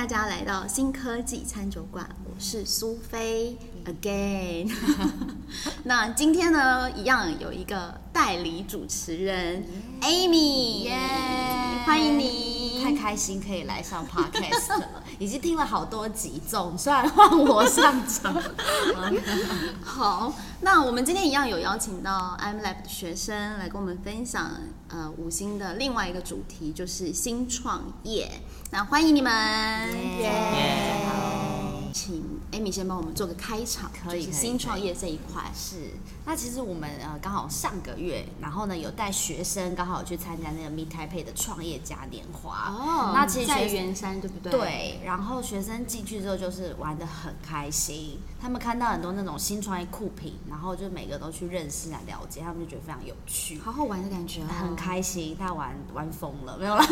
大家來到新科技餐酒館，我是蘇菲。Again， 那今天呢，一樣有一個代理主持人，yeah. Amy，yeah. Yeah. 歡迎你。太開心可以來上 Podcast 了，已經聽了好多集，總算換我上場。Okay. 好，那我們今天一樣有邀請到 IM Lab 的學生來跟我們分享，呃，五新的另外一個主題就是新創業。那歡迎你們，大家好，請。Amy、欸、先幫我們做個開場，可以。就是，新創業這一塊是，那其實我們呃剛好上個月，然後呢有帶學生剛好去參加那個 Meet Taipei 的創業嘉年華哦，那其實學在圓山對不對？對，然後學生進去之後就是玩的很開心，嗯，他們看到很多那種新創業酷品，然後就每個都去認識啊了解，他們就覺得非常有趣，好好玩的感覺，哦，很開心，他玩玩瘋了沒有啦，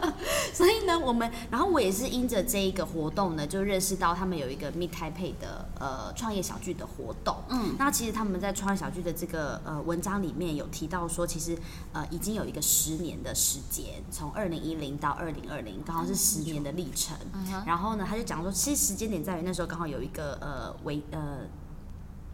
所以呢我們，然後我也是因着這一個活動呢，就認識到他們有一個 Meet Taipei 配的呃創業小聚的活動，嗯，那其實他們在創業小聚的這個呃文章裡面有提到說，其實呃已經有一個十年的時間，從二零一零到二零二零，剛好是十年的歷程，嗯。然後呢，他就講說，其實時間點在於那時候剛好有一個呃危呃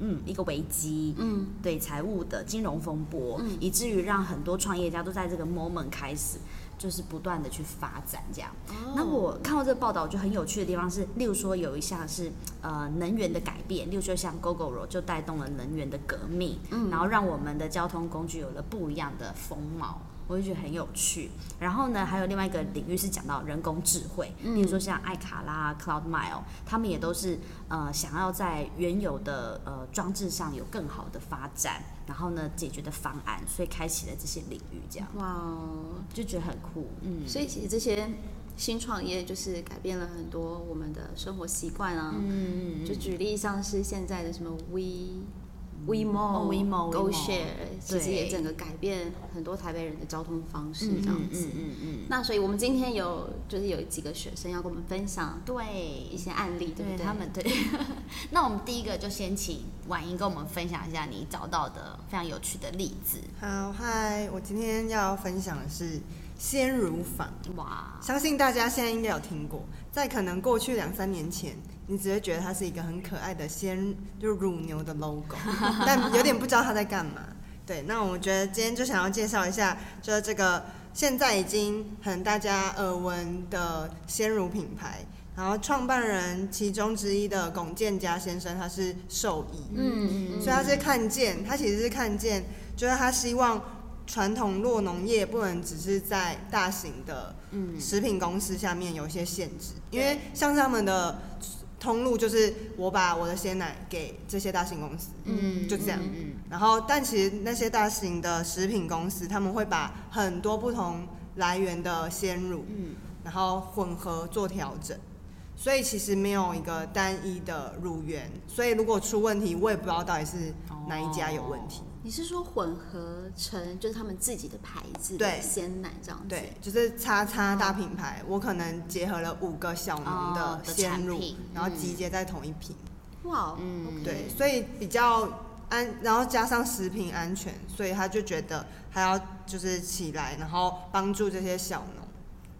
嗯一個危機，嗯，對財務的金融風波，嗯，以至於讓很多創業家都在這個 moment 開始。就是不斷的去發展這樣，oh. 那我看到這個報道，我覺得很有趣的地方是，例如說有一項是呃能源的改變，例如說像 Gogoro 就帶動了能源的革命，mm. 然後讓我們的交通工具有了不一樣的風貌。我就覺得很有趣，然後呢，還有另外一個領域是講到人工智慧，比、嗯、如說像愛卡拉、CloudMile，他們也都是呃想要在原有的呃裝置上有更好的發展，然後呢，解決的方案，所以開啟了這些領域，這樣哇、哦，就覺得很酷，嗯，所以其實這些新創業就是改變了很多我們的生活習慣啊，嗯就舉例像是現在的什麼 We。WeMo, Wemo、GoShare 其實也整個改變很多台北人的交通方式，這樣子。嗯嗯,嗯,嗯那所以我們今天有就是有幾個學生要跟我們分享，對一些案例，對,對不對,對？他們對。 那我們第一個就先請婉瑩跟我們分享一下你找到的非常有趣的例子。好，嗨，我今天要分享的是。鮮乳坊哇，相信大家現在應該有聽過，在可能過去兩三年前，你只會覺得它是一個很可愛的鮮，就是乳牛的 logo，但有點不知道它在幹嘛。對，那我覺得今天就想要介紹一下，就是這個現在已經很大家耳聞的鮮乳品牌，然後創辦人其中之一的龔建嘉先生，他是獸醫、嗯嗯、所以他是看見，他其實是看見，就是他希望。傳統酪農業不能只是在大型的食品公司下面，有一些限制，嗯、因為像他們的通路就是我把我的鮮奶給這些大型公司，嗯，就這樣。嗯。嗯嗯然後，但其實那些大型的食品公司，他們會把很多不同來源的鮮乳，嗯，然後混合做調整，所以其實沒有一個單一的乳源，所以如果出問題，我也不知道到底是哪一家有問題。哦你是說，混合成就是他們自己的牌子，對鮮奶這樣子，對對，就是叉叉大品牌，oh. 我可能結合了五個小農的鮮乳，oh，然後集結在同一瓶。哇，嗯，wow, okay. 對，所以比較安，然後加上食品安全，所以他就覺得他要就是起來，然後幫助這些小農。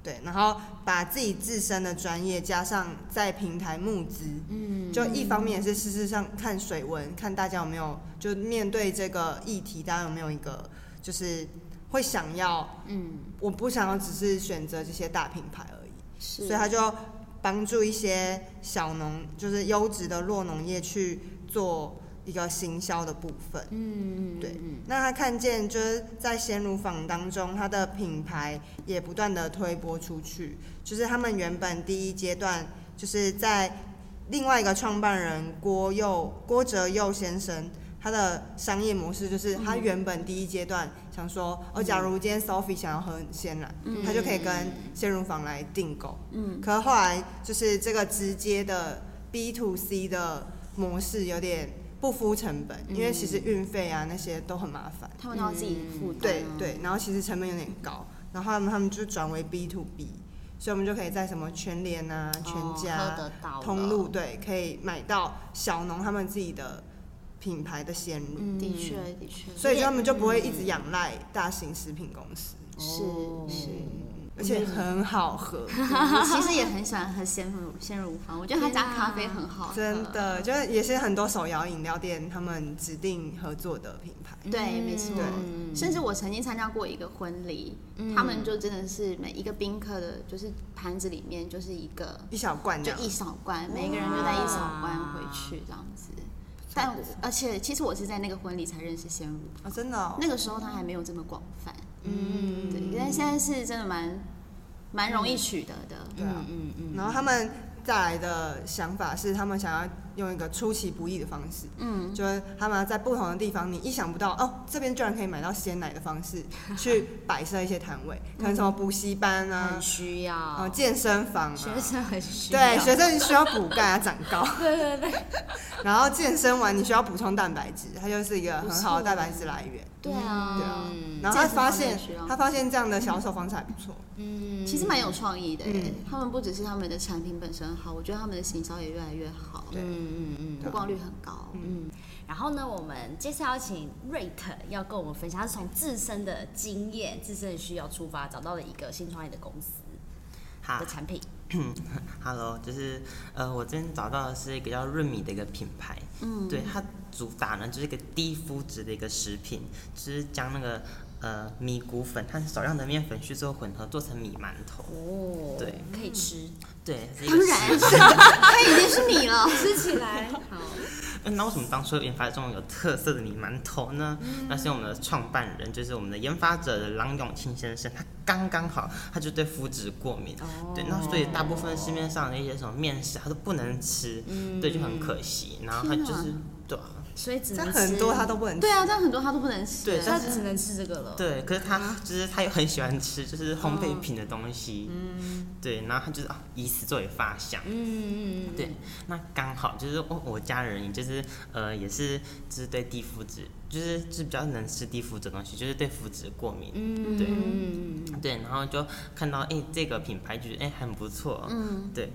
對，然後把自己自身的專業加上在平台募資，嗯，就一方面也是事實上看水溫，嗯、看大家有沒有就面對這個議題，大家有沒有一個就是會想要，嗯，我不想要只是選擇這些大品牌而已，是，所以他就幫助一些小農，就是優質的弱農業去做。一個行銷的部分，嗯，對。那他看見就是在鮮乳坊當中，他的品牌也不斷的推播出去。就是他們原本第一階段就是在另外一個創辦人郭佑、郭哲佑先生，他的商業模式就是他原本第一階段想說、嗯，哦，假如今天 Sophie 想要喝鮮奶、嗯，他就可以跟鮮乳坊來訂購。嗯，可後來就是這個直接的 B to C 的模式有點。不敷成本，因為其實運費啊那些都很麻煩，他們都要自己負擔。啊、對，對對，然後其實成本有點高，然後他們他們就轉為 B to B，所以我們就可以在什麼全聯啊、全家、哦、通路對，可以買到小農他們自己的品牌的鮮乳，嗯。的確的確，所以他們就不會一直仰賴大型食品公司。是、嗯、是。是而且很好喝， 我其實也很喜歡喝鮮乳，鮮乳坊我覺得他家咖啡很好喝。啊，真的，就是也是很多手搖飲料店他們指定合作的品牌。嗯、對，沒錯、嗯。甚至我曾經參加過一個婚禮、嗯，他們就真的是每一個賓客的，就是盤子裡面就是一個一小罐，就一小罐，每個人就帶一小罐回去這樣子。但而且，其實我是在那個婚禮才認識鮮乳啊，真的、哦。那個時候他還沒有這麼廣泛，嗯，嗯，嗯、對，因為現在是真的蠻蠻容易取得的，對，嗯，嗯嗯嗯。然後他們帶來的想法是，他們想要。用一個出其不意的方式，嗯，就是他們在不同的地方，你意想不到哦，這邊居然可以買到鮮奶的方式去擺設一些攤位，嗯，可能什麼補習班啊，很需要、啊、健身房、啊，學生很需要，對，學生需要補鈣啊，長高，對對對，對， 然後健身完你需要補充蛋白質，它就是一個很好的蛋白質來源。對啊，對啊，嗯、然後他發現他發現這樣的銷售方式還不錯，嗯嗯，嗯，其實蠻有創意的、嗯、他們不只是他們的產品本身好，我覺得他們的行銷也越來越好，嗯嗯嗯，曝、嗯、光率很高，嗯。然後呢，我們接下來要請瑞特要跟我們分享，他是從自身的經驗、自身的需要出發，找到了一個新創業的公司，好的產品。嗯、Hello，就是呃，我今天找到的是一個叫潤米的一個品牌，嗯，對，它。他主打呢，就是一個低麩質的一個食品，就是將那個呃米穀粉，和少量的麵粉去做混合，做成米饅頭、哦。對，可以吃。對，當然是它 已經是米了， 吃起來好。那、嗯、為什麼當初研發這種有特色的米饅頭呢？嗯、那是因為我們的創辦人，就是我們的研發者的郎永清先生，他剛剛好，他就對麩質過敏。哦、對，那所以大部分市面上的一些什麼麵食，他都不能吃。嗯、對，就很可惜。然後他就是、啊、對。所以只能吃，很多他都不能吃。對啊，這樣很多他都不能吃。對他吃，他只能吃這個了。對，可是他就是他又很喜歡吃就是烘焙品的東西，哦嗯、對，然後他就是、啊、以此作為發想，嗯嗯嗯，對。那剛好就是我我家人也就是呃也是就是對低麩質就是就是比較能吃低麩質東西，就是對麩質過敏，嗯，對，嗯嗯對，然後就看到哎、欸、這個品牌就是哎、欸、很不錯，嗯，對。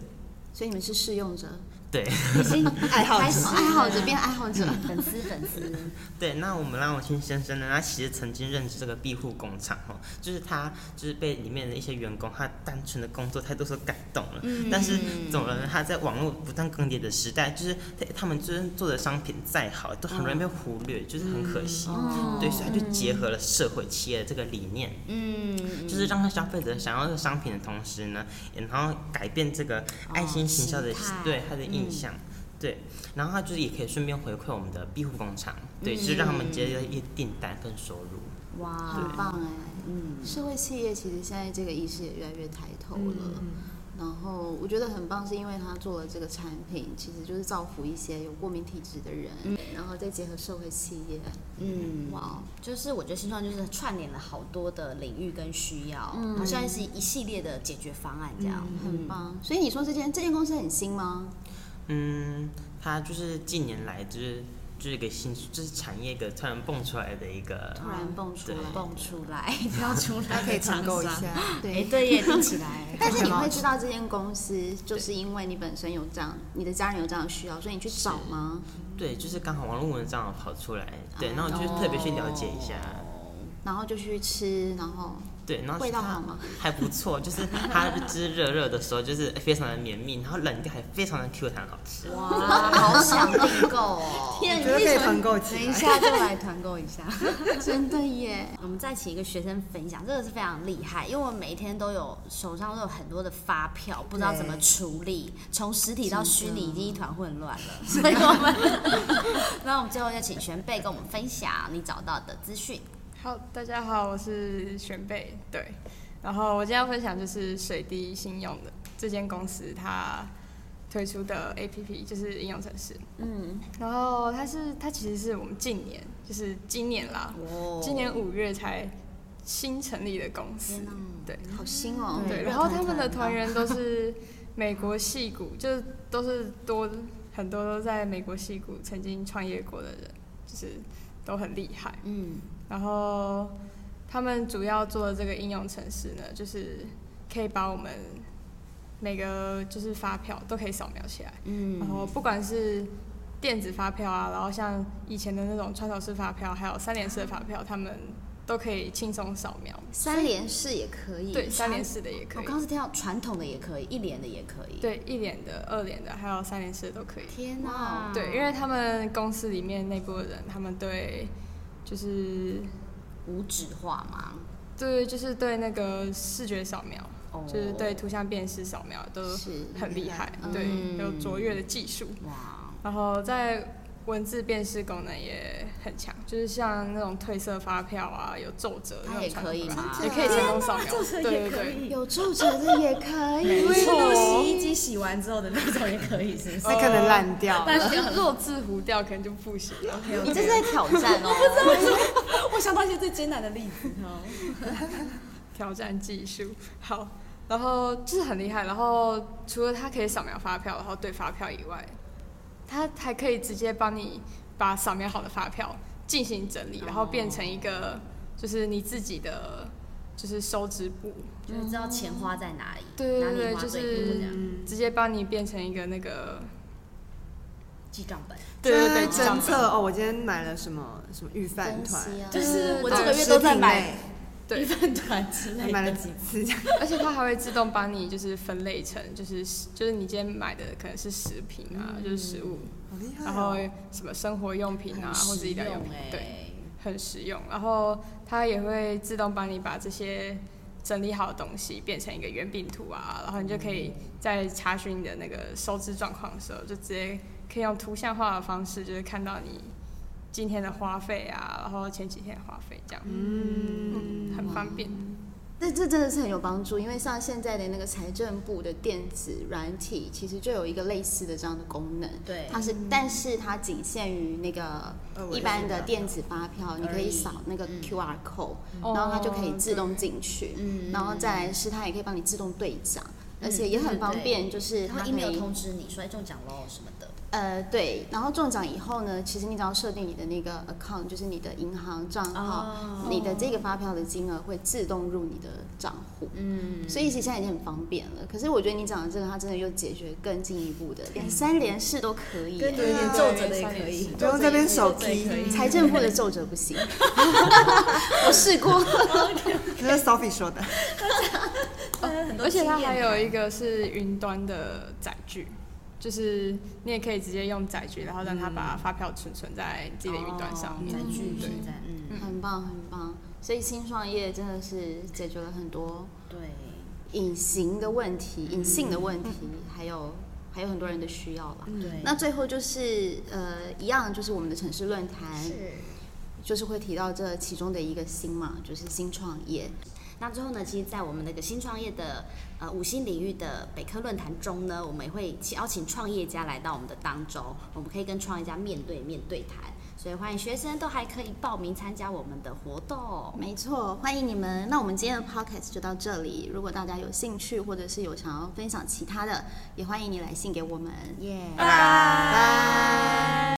所以你們是試用者。對，已經愛好者、啊，愛好者、啊、變愛好者、啊，粉絲粉絲。對，那我們拉我聽先生呢，他其實曾經認識這個庇護工廠，哦，就是他就是被裡面的一些員工他單純的工作態度所感動了。嗯、但是總麼他在網絡不斷更迭的時代，就是他們就是做的商品再好，都很容易被忽略、哦，就是很可惜、哦。對，所以他就結合了社會企業的這個理念，嗯，就是讓他消費者想要這個商品的同時呢，然後改變這個愛心行銷的對他的。哦印象，對，然後他就是也可以順便回饋我們的庇護工廠，對，嗯、就讓他們接着一些訂單跟收入。哇，很棒哎、欸，嗯，社會企業其實現在這個意識也越來越抬頭了。嗯、然後我覺得很棒，是因為他做了這個產品，其實就是造福一些有過敏體質的人，嗯、然後再結合社會企業，嗯，哇，就是我覺得新創就是串聯了好多的領域跟需要，好、嗯、像是一系列的解決方案這樣，嗯、很棒、嗯。所以你說這間這間公司很新嗎？嗯，它就是近年來就是就是一個新就是產業的突然蹦出來的一個突然蹦出來蹦出來，然後 可以團購一下，對、欸、對耶，聽起來。 但是你會知道這間公司，就是因為你本身有這樣，你的家人有這樣的需要，所以你去找嗎？對，就是剛好網絡文的賬跑出來，對，然後我就特別去了解一下，然後就去吃，然後。對，然後味道好嗎？還不錯，很很就是它汁熱熱的時候就是非常的綿密， 然後冷掉還非常的 Q 彈好吃。哇，好想訂購哦！天你覺得可以團購，等一下就來團購一下， 真的耶！我們再請一個學生分享，真、這、的、個、是非常厲害，因為我每一天都有手上都有很多的發票，不知道怎麼處理，從實體到虛擬已經一團混亂了，所以我們 那我們最後就請全貝跟我們分享你找到的資訊。好，大家好，我是玄貝，對，然後我今天要分享就是水滴信用的這間公司，它推出的 APP 就是應用程式。嗯，然後它是它其實是我們近年，就是今年啦，哦，今年五月才新成立的公司，對，好新哦，對，對然後他們的團員都是美國硅谷， 就是都是多很多都在美國硅谷曾經創業過的人，就是。都很厲害，嗯，然後他們主要做的這個應用程式呢，就是可以把我們每個就是發票都可以掃描起來，嗯，然後不管是電子發票啊，然後像以前的那種穿孔式發票，還有三聯式的發票，他們。都可以輕鬆掃描，三聯式也可以，對，三聯式的也可以。我剛是聽到傳統的也可以，一聯的也可以，對，一聯的、二聯的，還有三聯式的都可以。天吶、啊、對，因為他們公司裡面內部的人，他們對就是無紙化嘛，對，就是對那個視覺掃描、嗯，就是對圖像辨識掃描、哦、都很厲害，對、嗯，有卓越的技術。哇！然後在文字辨識功能也很強，就是像那種褪色發票啊，有皺褶的那種，它也可以嘛，也可以成功掃描、啊，對對對，有皺褶的也可以，沒錯，洗衣機洗完之後的那種也可以，是不是？那、嗯、可能爛掉了，如果字糊掉，可能就不行了。你這是在挑戰哦，我不知道，我想到一些最艱難的例子哦，挑戰技術好，然後就是很厲害，然後除了它可以掃描發票，然後對發票以外。他還可以直接幫你把掃描好的發票進行整理，然後變成一個就是你自己的就是收支簿，嗯嗯，就是知道錢花在哪裡，哪裡花最多，這樣直接幫你變成一個那個記賬本，對對對，賬冊哦、嗯、哦。我今天買了什麼什麼御飯糰，啊，就是我這個月都在買。對飯糰短期，的， 買了幾次， 而且它還會自動幫你就是分類成就是就是你今天買的可能是食品啊，嗯、就是食物、好厲害、哦，然後什麼生活用品啊用或者醫療用品，對，很實用。然後它也會自動幫你把這些整理好的東西變成一個圓餅圖啊，然後你就可以在查詢你的那個收支狀況的時候，就直接可以用圖像化的方式，就是看到你。今天的花費啊，然後前幾天的花費這樣嗯，嗯，很方便。這這真的是很有幫助，因為像現在的那個財政部的電子軟體，其實就有一個類似的這樣的功能。對，它是，嗯、但是它僅限於那個一般的電子發票，你可以掃那個 QR code，、嗯、然後它就可以自動進去。嗯，然後再來是它也可以幫你自動兌獎、嗯，而且也很方便，是就是它一沒有通知你說要中獎嘍什麼的。呃，對，然後中獎以後呢，其實你只要設定你的那個 account，就是你的銀行賬號，哦，你的這個發票的金額會自動入你的賬戶。嗯，所以其實現在已經很方便了。可是我覺得你講的這個，它真的又解決更進一步的，嗯、連三連四都可以、啊跟啊、可以，對對對，皺褶的也可以，不用這邊手機，財政部的皺褶不行， 我試試過。這、 okay, okay. 是 Sophie 說的。 oh, 而且它還有一個是雲端的載具。就是你也可以直接用載具，然後讓他把發票存存在自己的雲端上面。載具存在，嗯，很棒，很棒。所以新創業真的是解決了很多對隱形的問題、隱性的問題，還有還有很多人的需要吧。對，那最後就是呃，一樣就是我們的城市論壇是，就是會提到這其中的一個新嘛，就是新創業。那最後呢，其實，在我們那個新創業的呃五新領域的北科論壇中呢，我們也會邀請創業家來到我們的當中，我們可以跟創業家面對面對談，所以歡迎學生都還可以報名參加我們的活動。沒錯，歡迎你們。那我們今天的 podcast 就到這裡。如果大家有興趣，或者是有想要分享其他的，也歡迎你來信給我們。耶，拜拜。